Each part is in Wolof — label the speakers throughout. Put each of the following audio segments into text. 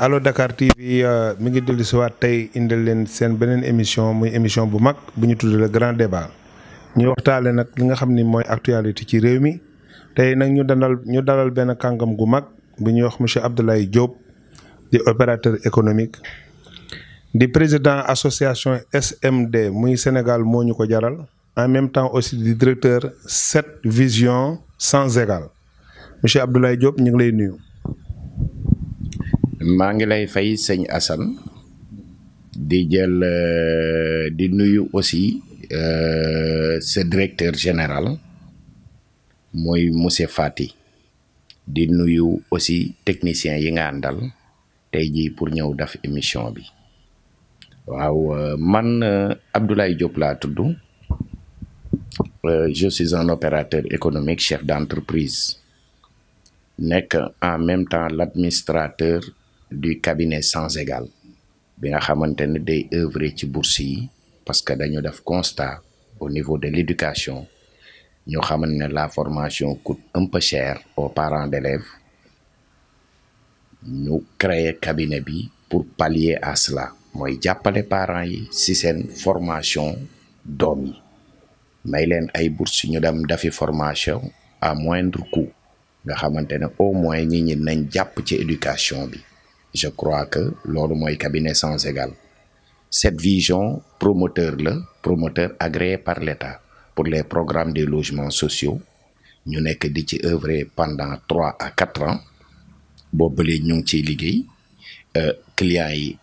Speaker 1: Allo Dakar TV je euh, émission une émission bu grand débat ñu li nga actualité ci mi ñu dalal Abdoulaye Diop di économique di président association SMD muy Sénégal en même temps aussi directeur cette vision sans égal monsieur Abdoulaye Diop ñu ngi lay
Speaker 2: maa ngi lay fay sëñ Assane di jël euh, di nuyu aussi euh, sa directeur général mooy monsieur Fati di nuyu aussi technicien yi nga àndal tey jii pour ñëw def émission bi waaw euh, man Abdoulaye Diop laa tudd je suis un opérateur économique chef d'entreprise nekk en même temps l'administrateur du cabinet sans égal Nous avons fait des œuvres œuvrer ci bourse parce que nous avons constat au niveau de l'éducation que la formation coûte un peu cher aux parents d'élèves Nous créé un cabinet pour pallier à cela pas jàppale parents si c'est une formation Mais il may a des bourse ñu dem dafi formation à moindre coût Nous avons au moins une ñi éducation bi je crois que de mon cabinet sans égal cette vision promoteur le promoteur agréé par l'État pour les programmes de logements sociaux nous n'avons que ci œuvrer pendant 3 à 4 ans Si nous les clients yi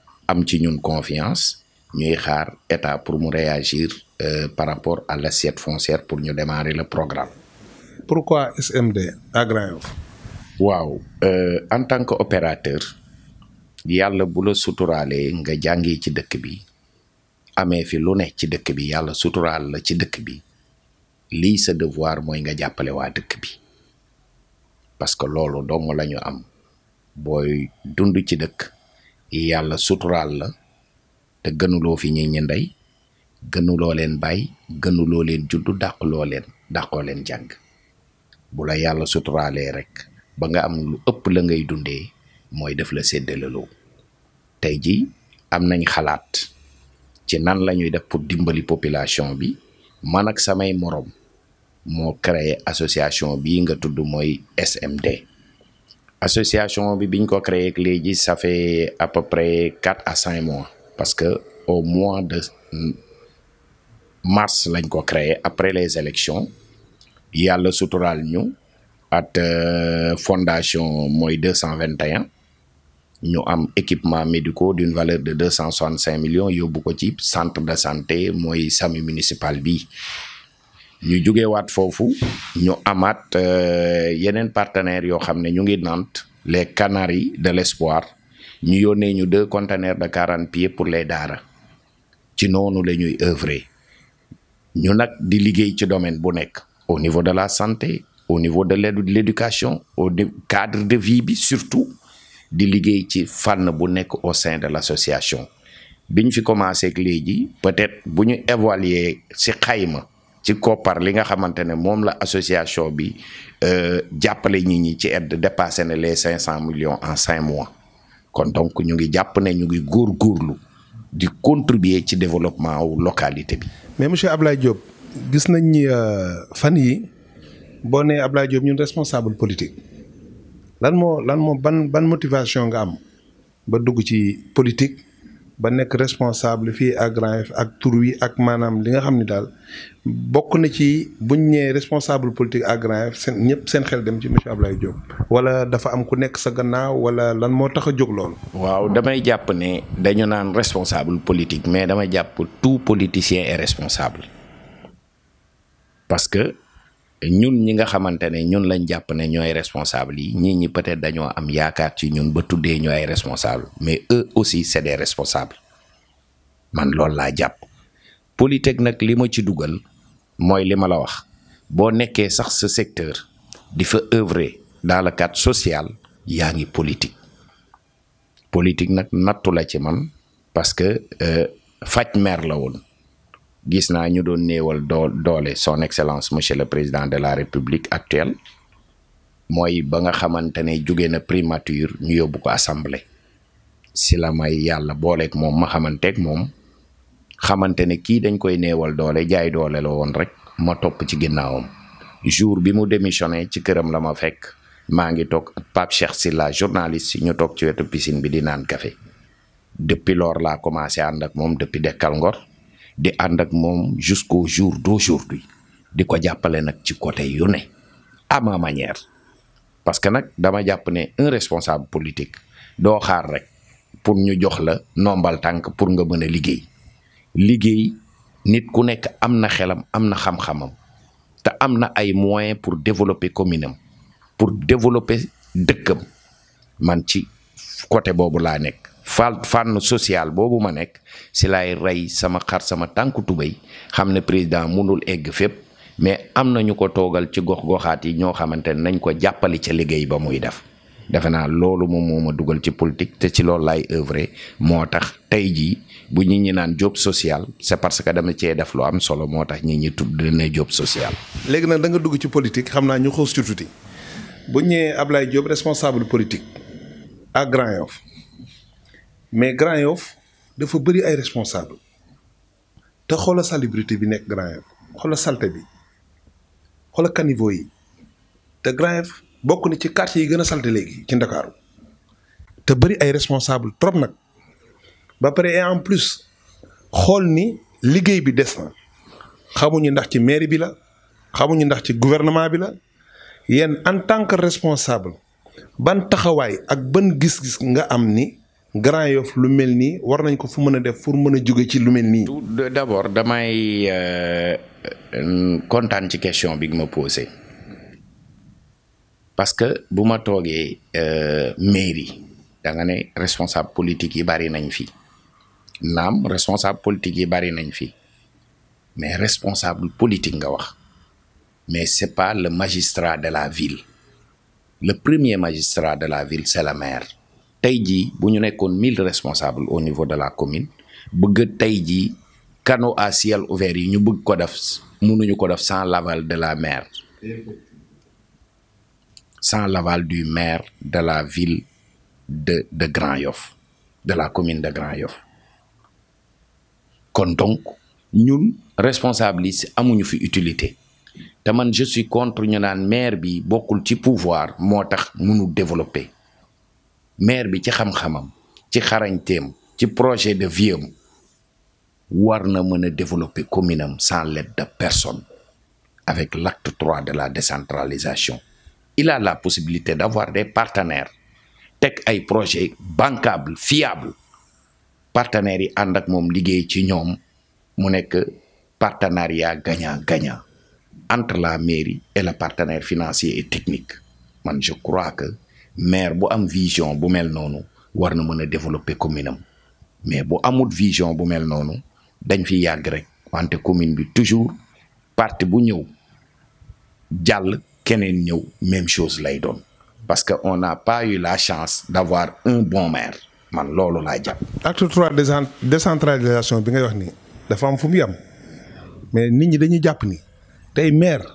Speaker 2: confiance Nous xaar état pour nous réagir euh, par rapport à l'assiette foncière pour nous démarrer le programme.
Speaker 1: pourquoi SMD agréé?
Speaker 2: Euh, en tant qu'opérateur, yàlla bu la suturaalee nga jàngee ci dëkk bi amee fi lu ne ci dëkk bi yàlla suturaal la ci dëkk bi lii sa devoir mooy nga jàppale waa dëkk bi parce que loolu dong lañu am booy dund ci dëkk yàlla suturaal la te gënuloo fi ñi ñi ndey gënuloo leen bàyyi gënuloo leen juddu dàquloo leen dàqoo leen jàng bu la yàlla suturaalee rek ba nga am lu ëpp la ngay dundee mooy def la séddale tey jii am nañ xalaat ci nan lañuy def pour dimbali population bi man ak samay morom moo créé association bi nga tudd mooy SMD association bi biñ ko créé léegi ça fait à peu près quatre à cinq mois parce que au mois de mars lañ ko créé après les élections yàlla suturaal ñu at euh, fondation mooy 221 la fondation 221 avons am équipement médicaux d'une valeur de 265 millions. millions beaucoup ci centre de santé mooy Sami municipal Nous avons des foofu ñu amaat avons euh, partenaires un xam ñu Nantes les Canaries de l'Espoir Nous avons deux conteneurs de 40 pieds pour les daara nous nous avons nous œuvrer ñu ce di domaine au niveau de la santé au niveau de l'éducation au cadre de vie surtout di liguey ci fan bu nek au sein de l'association biñ fi commencé ak léegi peut-être buñu ñu évaluer ci xayma ci copar li nga xamantene mom la association bi euh, jàppale ñi ñi ci aide dépassé les 500 millions en cinq mois kon donc ñu ngi japp né ñu ngi gorlu di contribuer ci développement au localité bi.
Speaker 1: mais monsieur Ablaye Diop gis nañ ni euh, fan yi boo Ablaye Diop ñun responsable politique. lan moo lan moo ban ban motivation nga am ba dugg ci politique ba nekk responsable fii à Grand ak tur wi ak maanaam li nga xam ni daal bokk na ci buñ ñëwee responsable politique à Grand Yoff seen ñëpp seen xel dem ci monsieur Ablaye jóg wala dafa am ku nekk sa gannaaw wala lan moo tax a jóg loolu.
Speaker 2: waaw damay jàpp ne dañu naan responsable politique mais damay jàpp tout politicien est responsable parce que. ñun ñi nga xamante ne ñun lañ jàpp ne ñooy responsable yi ñii ñi peut-être dañoo am yaakaar ci ñun ba tuddee ñu ay responsable mais eux aussi c'est des responsables man loolu laa jàpp politique nag li ma ci dugal mooy li ma la wax boo nekkee sax ce secteur di fa œuvrer dans le cadre social yaa ngi politique politique nag nattu la ci man parce que euh, faj meer la woon gis naa ñu doon néewal doo doole son excellence monsieur le président de la république actuelle mooy ba nga xamante ne jóge na primature ñu yóbbu ko assemblée si la may yàlla booleeg moom ma xamanteeg moom xamante ne kii dañ koy néewal doole jaay doole la woon rek ma topp ci ginnaawam jour bi mu démissionné ci këram la ma fekk maa ngi toog ak si la Sylla journaliste ñu toog ci wetu piscine bi di naan café depuis loor laa commencé ànd ak moom depuis dekkal ngor di ànd ak moom jusqu'au jour d'aujourd'hui di ko jàppale nag ci côté yu ne à ma manière parce que nag dama jàpp ne un responsable politique doo xaar rek pour ñu jox la nombal tànk pour nga mën a liggéey liggéey nit ku nekk am na xelam am na xam-xamam te am na ay moyens pour développer commune pour développer dëkkam man ci côté boobu laa nekk fa fànn sociale boobu ma nekk si laay rey sama xar sama tànk tubéy xam ne président mënul egg fépp mais am na ñu ko toogal ci gox goxaat yi ñoo xamante ne nañ ko jàppali ca liggéey ba muy def defe naa loolu moom moo ma dugal ci politique te ci loolu laay œuvrer moo tax tey jii bu ñi ñi naan job sociale c'est parce que dama cee def lu am solo moo tax ñi ñi tudd ne job social.
Speaker 1: léegi nag da nga dugg ci politique xam naa ñu xoos ci tuuti bu ñëwee Ablaye Diop responsable politique à Grand mais Grand Yoff dafa bëri ay responsable te xoola salubrité bi nekk Grand Yoff xoola salte bi xoola caniveau yi te Grand Yoff bokk na ci quartier yi gën a salte léegi ci Ndakaaru te bëri ay responsable trop nag ba pare et en plus xool ni liggéey bi des na xamuñu ndax ci maire bi la xamuñu ndax ci gouvernement bi la yéen en tant que responsable ban taxawaay ak ban gis-gis nga am ni Grand yof lu mel nii war nañ ko fu mën a def pour mën a jóge ci lu mel nii.
Speaker 2: d' abord damay euh, kontaan ci question bi nga ma posé parce que bu ma toogee euh, mairie da nga ne responsable politique yi bari nañ fi naam responsable politique yi bari nañ fi mais responsable politique nga wax mais c'est pas le magistrat de la ville le premier magistrat de la ville c'est la maire tey jii bu ñu nekkoon mille responsables au niveau de la commune bëgg tey jii canaux à ciel ouvert yi ñu bëgg ko def sans l'aval de la maire sans l'aval du maire de la ville de de Grand-Yoff de la commune de Grand-Yoff kon donc ñun responsables, amuñu utilité te je suis contre ñu naan maire bi beaucoup ci pouvoir moo tax mënu développer maire bi ci xam-xamam ci xarañteem ci projet de vie am war na mën développer commune sans l'aide de personne avec l'acte 3 de la décentralisation il a la possibilité d'avoir des partenaires teg ay projets bancables fiables partenaires yi ànd ak moom liggéey ci ñoom mu nekk partenariat gagnant gagnant entre la mairie et le partenaire financier et technique man je crois que maire bu am vision bu mel noonu war na mën développer commune am mais bu amut vision bu mel noonu dañ fi yag rek wante commune bi toujours parti bu ñew jall keneen ñew même chose lay doon parce que on n'a pas eu la chance d'avoir un bon maire man loolu laa jàpp.
Speaker 1: acte trois décentralisation bi nga wax ni dafa am fu mu yam mais nit ñi dañuy jàpp ni tey maire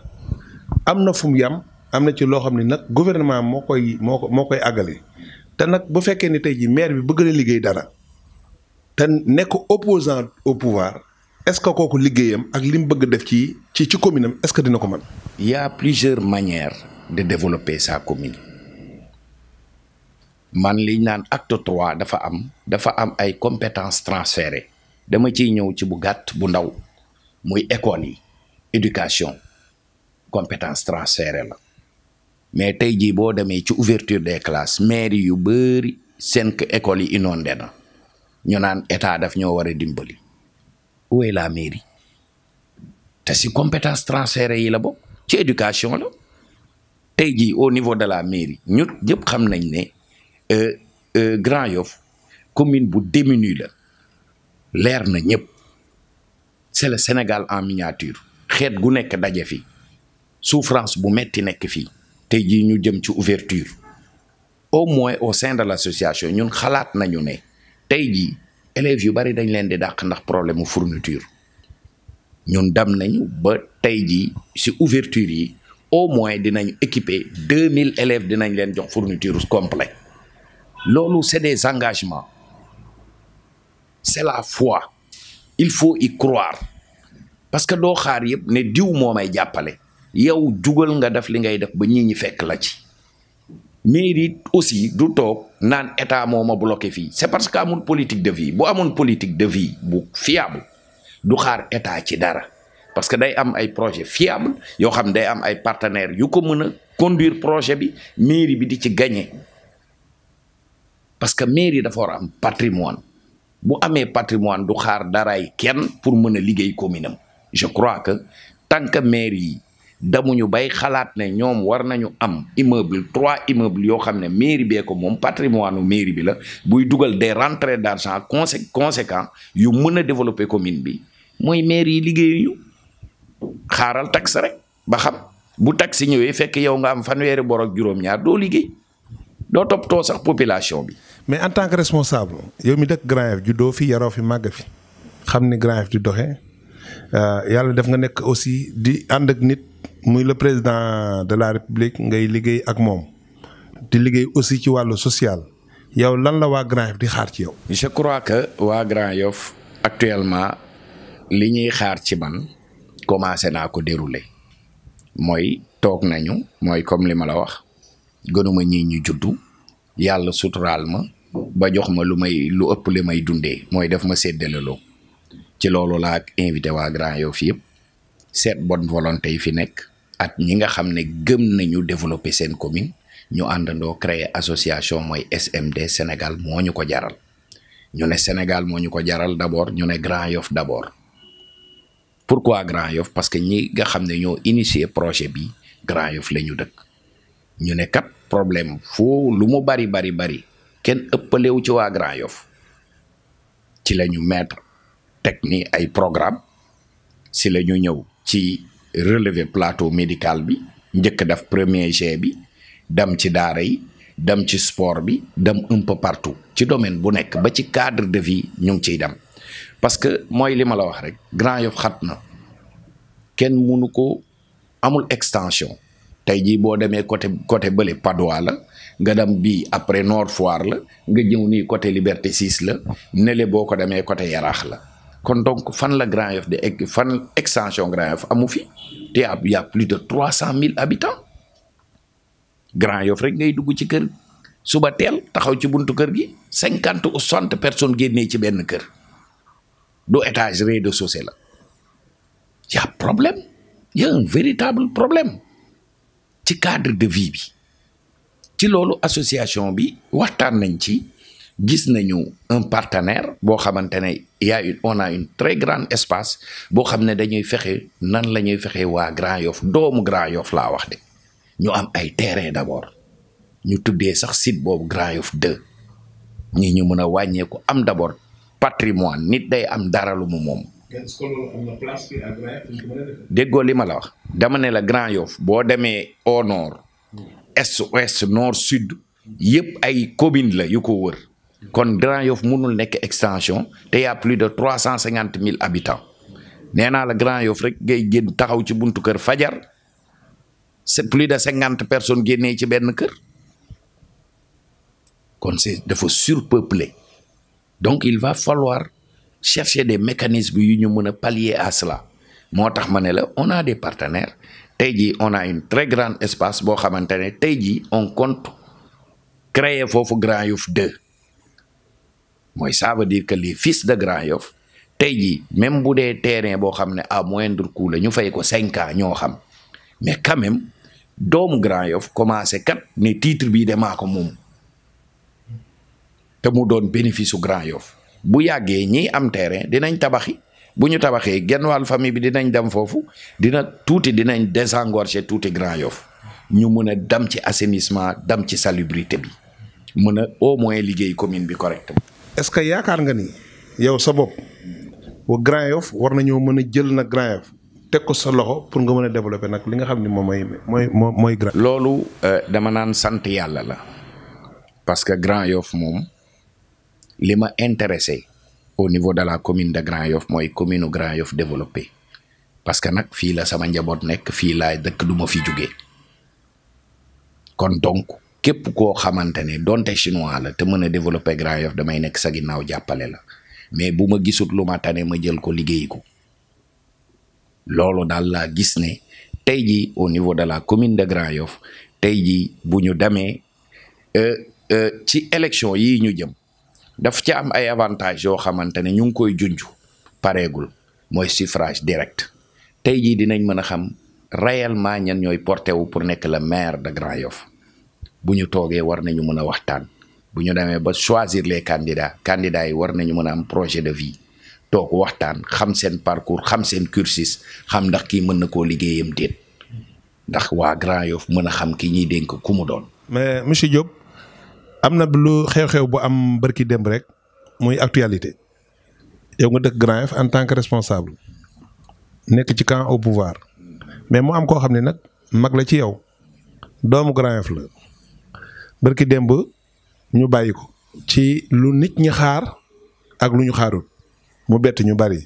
Speaker 1: am na yam amna ci lo xamni nak gouvernement mo koy mo koy àggale te nak bu fekkee ni tey ji maire bi bëgg na liggéey dara te nekk opposant au pouvoir est-ce que kooku liggéeyam ak lim bëgg def ci ci ci commune est-ce que dina ko man il y a plusieurs manières de développer sa commune
Speaker 2: man li nane acte 3 dafa am dafa am ay compétences transférées dama ci ñëw ci bu gatt bu ndaw muy école yi éducation compétences transférées mais tey jii boo demee ci ouverture des classes mairie yu beuri seen école yi inondé na ñu naan état daf ñoo wara dimbali où est la mairie ta si compétence transférée yi la bokk ci éducation la tey jii au niveau de la mairie ñu ñëpp xam nañ euh, euh Grand Yoff commune bu démunie la leer na ñëpp c'est le Sénégal en miniature xet gu nekk dajé fi souffrance bu metti nekk fi tayji nous ñu jëm ci ouverture au moins au sein de l'association ñun xalaat nañu né tayji élèves yu bari dañ leen di problème fourniture ñun dam nañu ba tayji ci ouverture au moins dinañ équiper équipé 2000 élèves dinañ leen jox fourniture complet loolu c'est des engagements c'est la foi il faut y croire parce que doo xaar yëpp ne diw moo may jàppale yow juga nga def li ngay def ba ñii ñi fekk la ci mairie aussi du tok nan état moma bloqué fi c'est parce que politique de vie bu amoon politique de vie bu fiable du xaar état ci dara parce que day am ay projet fiable yo xam day am ay partenaires yu ko mën conduire projet bi mairie bi di ci gagner parce que mairie dafa am patrimoine bu amé patrimoine du xaar daraay kenn pour mën liggéey je crois que tant que mairie damuñu bay xalaat ne ñoom war nañu am immeuble trois immeubles yoo xam ne mairie bee ko moom patrimoine u mairie bi la buy dugal des rentrées d'argent consé conséquent yu mën a développer commune bi mooy mairie yi liggéey xaaral taxe rek ba xam bu taxe ñëwee fekk yow nga am fanweeri bor ak juróom-ñaar doo liggéey doo toppatoo sax population bi.
Speaker 1: mais en tant que responsable yow mi dëkk Grand Yoff juddoo fi yaroo fi màgg fi xam ni Grand Yoff di doxee euh, yàlla def nga nekk aussi di ànd ak nit. muy le président de la république ngay liggéey ak moom di liggéey aussi ci wàllu social yow lan la waa Grand Yoff di xaar ci yow.
Speaker 2: je crois que waa Grand Yoff actuellement li ñuy xaar ci man commencé naa ko déroulé mooy toog nañu mooy comme li ma la wax gënuma ñi ñu juddu yàlla suturaal ma ba jox ma lu may lu ëpp li may dundee mooy def ma séddaleloo ci loolu laa invité waa Grand Yoff yëpp set bonne volonté yi fi nekk. ak ñi nga xam ne gëm nañu développer seen commune ñu àndandoo créer association mooy SMD Sénégal moo ñu ko jaral ñu ne Sénégal moo ñu ko jaral d'abord ñu ne Grand Yoff d'abord pourquoi Grand Yoff parce que ñi nga xam ne ñoo initier projet bi Grand Yoff la ñu dëkk ñu ne kat problème foo lu mu bari bari bari kenn ëppalewu ci waa Grand Yoff ci la ñu mettre teg ni ay programme si la ñu ñëw ci relever plateau médical bi njëkk def premier jet bi dem ci daara yi dem ci sport bi dem un peu partout ci domaine bu nekk ba ci cadre de vie ñu ngi ciy dem parce que mooy li ma la wax rek Grand Yoff xat na kenn mënu ko amul extension tey jii boo demee côté côté bële Padois la nga dem bii après Nord Foire la nga ñëw nii côté Liberté 6 la nele boo ko demee côté Yaraax la kon donc fan la Grand Yoff de egg fan extension Grand Yoff amu fi te y a plus de trois cent mille habitants Grand Yoff rek ngay dugg ci kër suba teel taxaw ci buntu kër gi cinquante ou soixante personnes génnee ci benn kër du étage rez-de-chaussée la y véritable problème ci cadre de vie bi ci loolu association bi waxtaan nañ ci gis nañu un partenaire boo xamante ne il y a une on très grande espace boo xam ne dañuy fexe nan lañuy ñuy fexe waa Grand Yoff doomu Grand Yoff laa wax de ñu am ay terrain d'abord ñu tuddee sax site boobu Grand Yoff 2 ñi ñu mën a wàññeeku am d'abord patrimoine nit day am dara lu mu moom. déggoo li ma la wax dama ne la Grand Yoff boo demee au nord est ouest nord sud yëpp ay commune la yu ko wër. kon Grand yof mënul nek extension il y' a plus de 350 000 habitants Quand le la Grand Yoff rek train genn taxaw ci buntu kër fajar c'est plus de 50 personnes train ci faire kër kon c'est faut surpeupler. donc il va falloir chercher des mécanismes yu ñu pallier à cela Moi, je la on a des partenaires on a un très grand espace on compte créer le Grand yof 2 mooy ça veut dire que les fils de Grand Yoff tey jii même bu dee terrain boo xam ne à moindre coût la ñu fay ko cinq ñoo xam mais quand même doomu Grand Yoff commencé kat ne titre bii de maa ko moom te mu doon bénéfice su Grand Yoff bu yàggee ñii am terrain dinañ tabaxi bu ñu tabaxee genn wàll famille bi dinañ dem foofu dina tuuti dinañ désengorger tuuti Grand Yoff ñu mën a dem ci assainissement dem ci salubrité bi mën a au moins liggéey commune bi correctement
Speaker 1: est ce que yaakaar nga ni yow sa bop wa Grand yof war nañu mëna jël na Grand yof teg ko sa loxo pour nga mëna développer nak li nga xamni ni moy moy moy grand lolu euh, dama nan sante yalla
Speaker 2: la parce que Grand yof mom li ma intéressé au niveau de la commune de Grand yof moy commune Grand yof développer parce que nak fi la sama njabot nek fi laa dekk duma fi jógee kon donc képp koo xamante ne donte chinois la te mën a développer Grand Yoff damay nekk sa ginnaaw jàppale la mais bu ma gisut lu ma tane ma jël ko liggéey ko loolu daal laa gis ne tey jii au niveau de la commune de Grand Yoff tey jii bu ñu demee euh, euh, ci élection yi ñu jëm daf ci am ay avantages yoo xamante ne ñu ngi koy junju pareegul mooy suffrage direct tey jii dinañ mën a xam réellement ñan ñooy porté wu pour nekk la maire de Grand Yoff bu ñu toogee war nañu mën a waxtaan bu ñu demee ba choisir les candidats candidats yi war nañu mën a am projet de vie toog waxtaan xam seen parcours xam seen cursus xam ndax kii mën na koo liggéeyam déet ndax waa Grand Yoff mën a xam ki ñuy dénk ku mu doon.
Speaker 1: mais monsieur Diop am na lu xew-xew bu am barki démb rek muy actualité yow nga dëkk Grand Yoff en tant que responsable nekk ci camp au pouvoir mais mu am koo xam ne nag mag la ci yow doomu Grand Yoff la. barki démb ñu bàyyi ko ci lu nit ñi xaar ak lu ñu xaarul mu bett ñu bari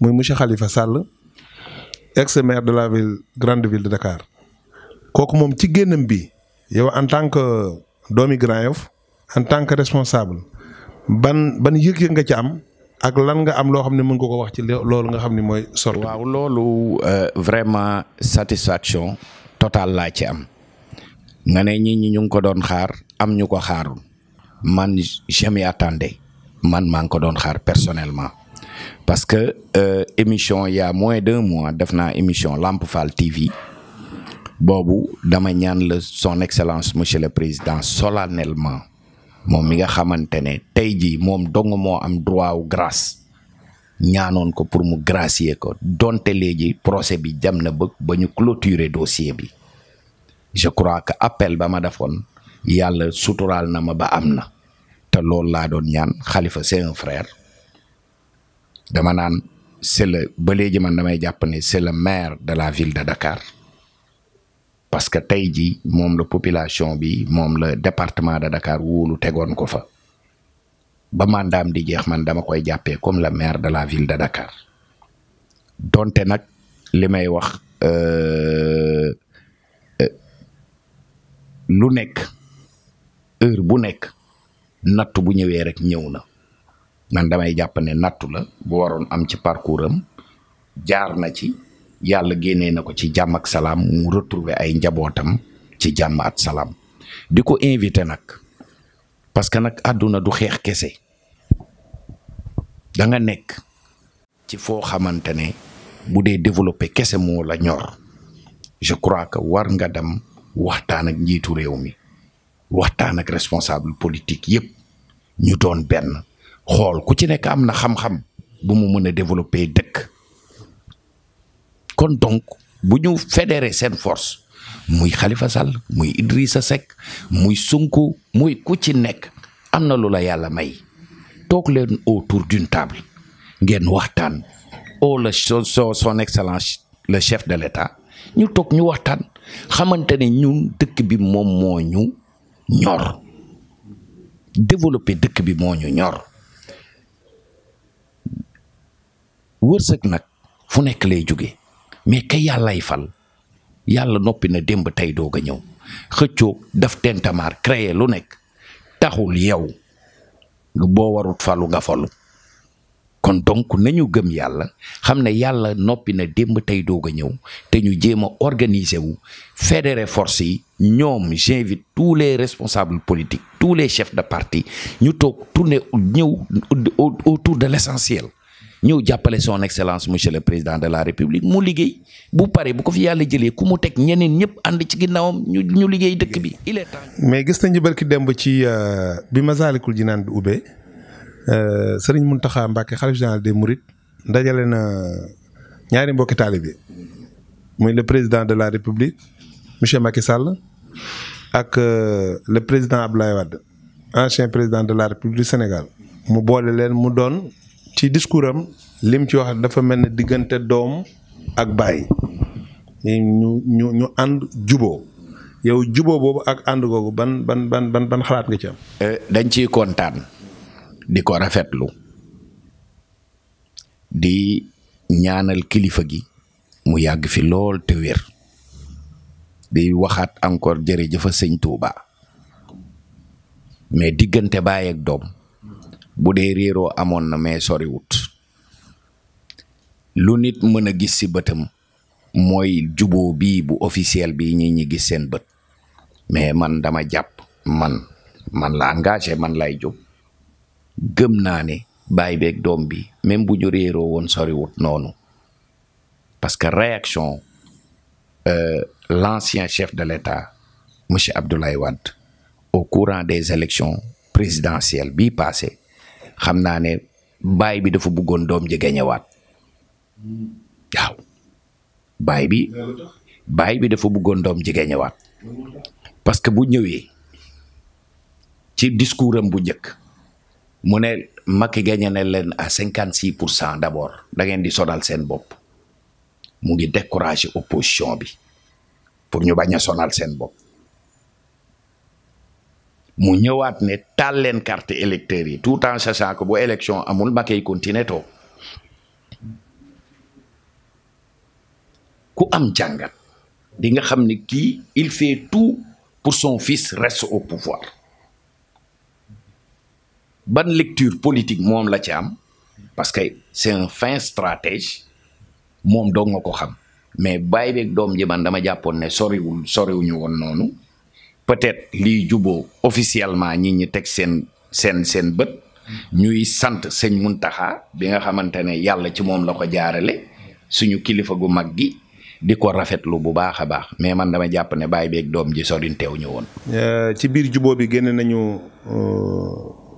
Speaker 1: muy monsieur xalifa Sall ex de la ville grande ville de Dakar kooku moom ci génnam bi yow en tant que doomi Grand Yoff en tant que responsable ban ban yëg-yëg nga ci am. ak lan nga am loo xam ne mu ngi ko wax ci loolu nga xam ni mooy. sort waaw loolu euh, vraiment
Speaker 2: satisfaction totale laa ci am nga ne ñit ñi ñu ngi ko doon xaar am ñu ko xaarul man jamais attendé man maa ngi ko doon xaar personnellement parce que euh, émission il y a moins d'un mois def naa émission Lamp Fall TV boobu dama ñaan la son excellence monsieur le président solennellement moom mi nga xamante ne tey jii moom dong moo am droit wu grace ñaanoon ko pour mu gracier ko donte léegi procès bi jam na bëgg ba ñu clôturer dossier bi je crois que appel ba ma defoon yàlla suturaal na ma ba am na te loolu laa doon ñaan xalifa c'est un frère dama naan c'est le ba léegi man damay jàpp ne c'est le maire de la ville de Dakar parce que tey ji moom la population bi moom la département de Dakar wóolu tegoon ko fa ba mandaam di jeex man dama koy jàppe comme la maire de la ville de Dakar donte nag li may wax. Euh, lu nek heure bu nek natou bu ñewé rek ñëw na man damay japp né natou la bu waron am ci parcoursam jaar na ci yalla génnee nako ci jàmm ak salam mu retrouver ay njabotam ci jàmm at salam diko inviter nak parce que nak aduna du xex kese da nga nek ci fo xamantene ne développer kessé mo la ñor je crois que war nga dem waxtaan ak njiitu réew mi waxtaan ak responsable politique yépp ñu doon benn xool ku ci nekk am na xam-xam bu mu mën a développer dëkk kon donc bu ñu fédérer seen force muy Khalifa Sall muy Idrissa Seck muy sunku muy ku ci nekk am na lu la yàlla may toog leen autour d'une table ngeen waxtaan au oh, la son excellence le chef de l'État ñu toog ñu waxtaan xamante ne ñun dëkk bi moom moo ñu ñor développer dëkk bi moo ñu ñor wërsëg nag fu nekk lay jóge mais kay yàllaay fal yàlla noppi na démb tey doog a ñëw xëccoo daf tentamaar créer lu nekk taxul yow boo warut falu nga falu kon donc nañu gëm yàlla xam na yàlla noppi na démb tey doog a ñëw te ñu jéem a organiser wu fédérer force yi ñoom j'invite tous les responsables politiques tous les chefs de parti ñu toog tourner ñëw autour de l'essentiel ñëw jàppale son excellence monsieur le président de la république mu liggéey bu pare bu ko fi yàlla jëlee ku mu teg ñeneen ñëpp ànd ci ginnaawam ñu ñu liggéey dëkk bi il est temps.
Speaker 1: mais gis nañu barki demb ci euh, bi Masaalikul Jinaan bi ubbee Euh, sëriñ taxa Mbacké xalif général de Mourides ndajale na ñaari mbokki taalibe muy le président de la république monsieur Macky Sall ak euh, le président Abdoulaye Wade ancien président de la république du Sénégal mu boole leen mu doon ci discours am lim ci wax dafa mel ne diggante doom ak baay ñu ñu ñu ànd juboo yow juboo boobu ak ànd googu ban ban ban ban xalaat nga ci am. Euh, dañ ci kontaan.
Speaker 2: di ko rafetlu di ñaanal kilifa gi mu yàgg fi lol te wer di waxat encore jërëjëfa seigne Touba mais diggante baye ak dom bu dee réeroo amoon na mais wut lu nit mën gis ci bëtam moy bii bu officiel bi ñi ñi gis seen mais man dama japp man man la engagé man lay jub gëm naa ne baay beeg doom bi même bu ñu réeroo woon soriwut noonu parce que réaction euh, l'ancien chef de l'État monsieur Abdoulaye Wade au courant des élections présidentielles bii passé xam naa ne baay bi dafa bëggoon doom ji gañewaat waaw baay bi baay bi dafa bëggoon doom ji gañewaat parce que bu ñëwee ci discours am bu njëkk mu ne gagné à 56% d'abord. da ngeen di sonal opposition pour a ne carte tout en sachant élection amul Macky continuer ku am jàngat di il fait tout pour son fils reste au pouvoir ban lecture politique moom la ci am parce que c'est un fin stratège moom dong nga ko xam mais bàyyi bek dom ji man dama japon ne sori wuñu won nonu peut-être li djubo officiellement ñi ñi tek sen sen sen beut ñuy sant seigne muntaha bi nga xamantene yalla ci mom la ko jaarale suñu kilifa gu maggi gi di ko rafetlu bu baakha baax mais man dama japp ne bàyyi bek dom ji sorinte wu won
Speaker 1: euh ci bir djubo bi genn nañu euh,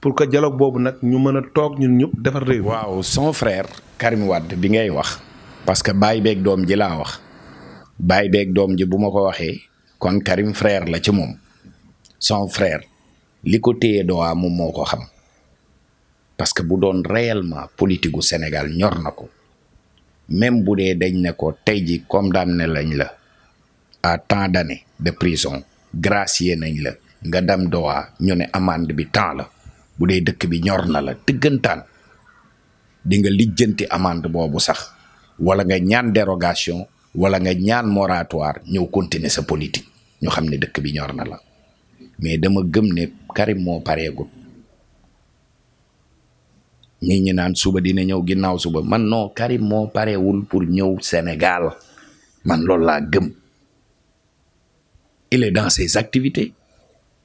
Speaker 1: pour que dialogue boobu nag ñu mën a toog ñun ñëpp defar réew. waaw son frère Karim wad bi ngay wax parce que bàyyi beeg doom ji laa wax
Speaker 2: ji ko kon Karim frère la ci moom son frère doa moom moo ko xam parce que bu doon réellement politique gu Sénégal ñor na ko même bu dee dañ ne ko ji condamné lañ la à tant d'années de prison gracié nañ la nga dam doa ñu ne amende bi la bu dee dëkk bi ñor na la dëggantaan di nga lijjanti amande boobu sax walla nga ñaan dérogation wala nga ñaan moratoire ñëw continuer sa politique ñu xam ne dëkk bi ñor na la mais dama gëm ne kari moo pareegul nit ñi naan suba dina ñëw ginnaaw suba man non Karim moo parewul pour ñëw Sénégal man loolu laa gëm il est dans ses activités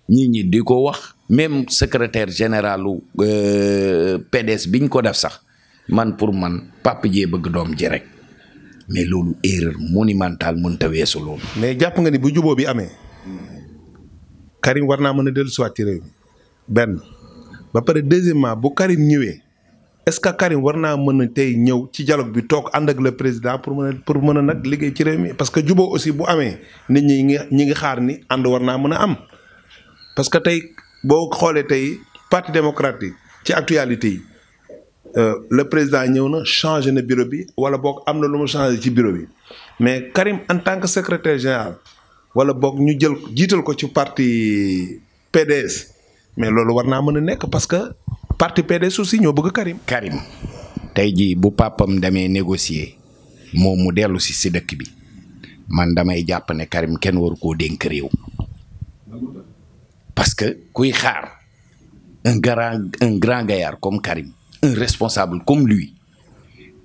Speaker 2: ñii di ko wax même secrétaire généralu euh, PDS biñ ko def sax man pour man papa jé bëgg dom ji rek mais lolu erreur monumentale mën ta wessu
Speaker 1: mais japp nga ni bu jubo bi amé Karim warna mëna del soit rew ben ba paré deuxièmement bu Karim ñëwé est-ce que Karim warna mëna tay ñëw ci dialogue bi tok and ak le président pour mëna pour mëna nak liggé ci rew mi parce que jubo aussi bu amé nit ñi ñi nga xaar ni and warna mëna am Pas que tay boo xoolee tey parti démocratique ci actualité yi euh, le président ñëw na changé na bureau bi wala boog am na lu mu changé ci bureau bi mais Karim en tant que secrétaire général wala boog ñu jël jiital ko ci parti PDS mais loolu war naa mën a nekk parce que parti PDS aussi ñoo bëgg Karim. Karim
Speaker 2: tey jii bu papam demee négocier moom mu dellu si si dëkk bi man damay jàpp ne Karim kenn waru koo dénk réew. parce que kuy xaar un grand un grand gaillard comme Karim un responsable comme lui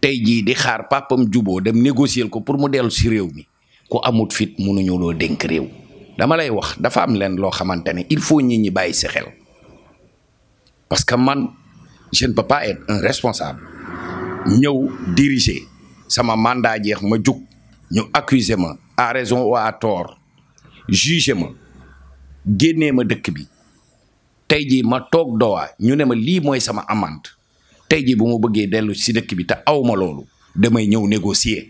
Speaker 2: tey jii di xaar papam juboo dem négocier ko pour mu dellu si réew mi ku amut fit mënuñu loo dénk réew dama lay wax dafa am leen loo xamante il faut nit ñi bàyyi xel parce que man je ne peux pas être un responsable nous diriger sama mandat jeex ma jug ñu accuser ma à raison ou à tort juger ma génnee ma dëkk bi tey jii ma toog dowaa ñu ne ma lii mooy sama amande tey jii bu ma bëggee dellu si dëkk bi te aw loolu damay ñëw négocier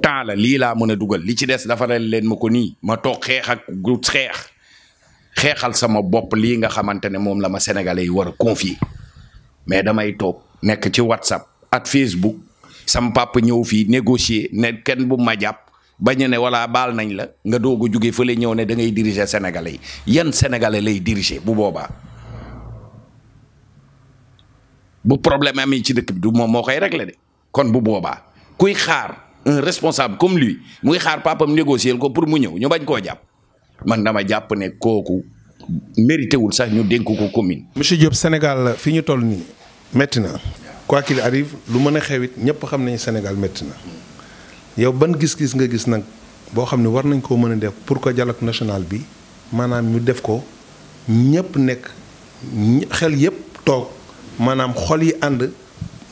Speaker 2: temps la lii laa mën a dugal li ci des dafa rel leen ma ko nii ma toog xeex ak groupe xeex xeexal sama bopp lii nga xamante ne moom la ma sénégalais yi war a confier mais damay toog nekk ci whatsapp ak facebook sama papa ñëw fii négocier ne kenn bu ma jàpp bañ a ne wala baal nañ la nga doog a jóge fële ñëw ne da ngay diriger sénégalais yi yan sénégalais lay diriger bu boobaa bu problème amee ci dëkk bi du moom moo koy régler de kon bu boobaa kuy xaar un responsable comme lui muy xaar papam négocier ko pour mu ñëw ñu bañ koo jàpp man dama jàpp ne kooku mérité wul
Speaker 1: sax ñu dénk ko commune. monsieur Diop Sénégal fi ñu toll nii métti na quoi qu'il arrive lu mën a xewit ñëpp xam nañu Sénégal métti yow ban gis-gis nga gis nag boo xam ne war nañ koo mën a def pour que dialogue national bi maanaam ñu def ko ñépp nekk xel yépp toog maanaam xol yi ànd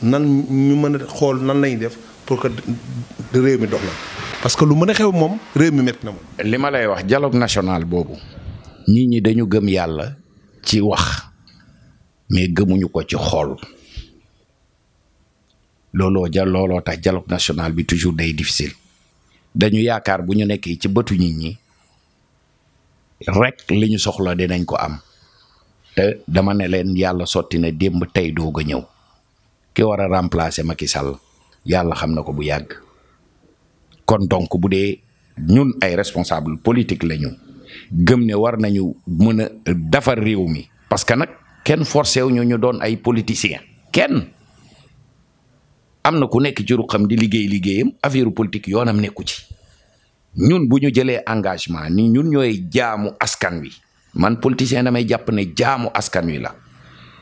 Speaker 1: nan ñu mën a xool nan lañuy def pour que réew mi dox la parce que lu mën a xew moom réew mi métti na moom. li ma lay wax dialogue national boobu nit ñi dañu gëm yàlla
Speaker 2: ci wax mais gëmuñu ko ci xool. lolo ja lolo tax dialog national bi toujours day difficile dañu yaakar buñu ci bëtu nit ñi rek liñu ñu soxla dinañ ko am te dama ne len yalla soti ne demb tay doog a ñëw ki wara remplacer Macky Sall yalla xamna ko bu yagg kon donc budé lenyu ñun ay responsable politique lañu gëm ne war nañu mëna dafar réew mi parce que nak kenn forcé wu ñu doon ay politiciens kenn am na ku nekk ci ruqam di liggéey liggéeyam affaire politique yoonam nekku ci ñun bu ñu jëlee engagement ni ñun ñooy jaamu askan wi man politicien damay jàpp ne jaamu askan wi la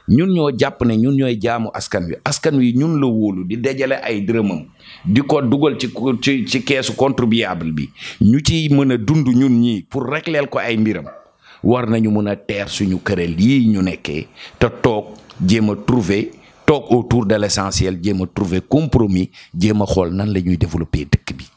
Speaker 2: ñun ñoo jàpp ne ñun ñooy jaamu askan wi askan wi ñun la wóolu di dajale ay dërëmam di ko dugal ci ci keesu contribuable bi ñu ci mën a dund ñun ñii pour régleel ko ay mbiram war nañu mën a teer suñu kërel yii ñu nekkee te toog jéem a trouver tok autour de l'essentiel, djema jéem trouver compromis djema xol nan lañuy développer dekk bi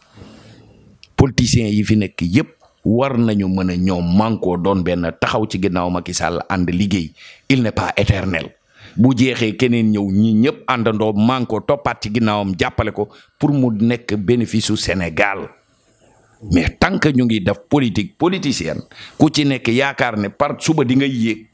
Speaker 2: politiciens yi fi nek yépp war nañu mëna ñom manko don ben taxaw ci ginnaaw Macky Sall and liguey il n'est pas éternel bu jéxé kenen ñew ñi ñëpp àndandoo manko topat ci ginnaawam jappalé ko pour mu nek bénéfice Sénégal mais tant que ñu ngi def politique politicienne ku ci nek yaakar ne part suba di nga yéeg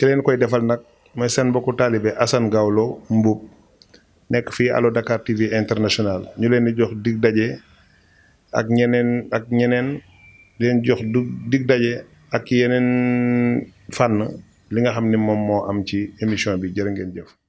Speaker 1: ki leen koy defal nag mooy seen mbokku taalibe assan Gawlo Mbuub nekk fii alo Dakar TV international ñu leen di jox dig daje ak ñeneen ak ñeneen leen jox du dig daje ak yeneen fànn li nga xam ne moom moo am ci émission bi jërë ngeen jëf.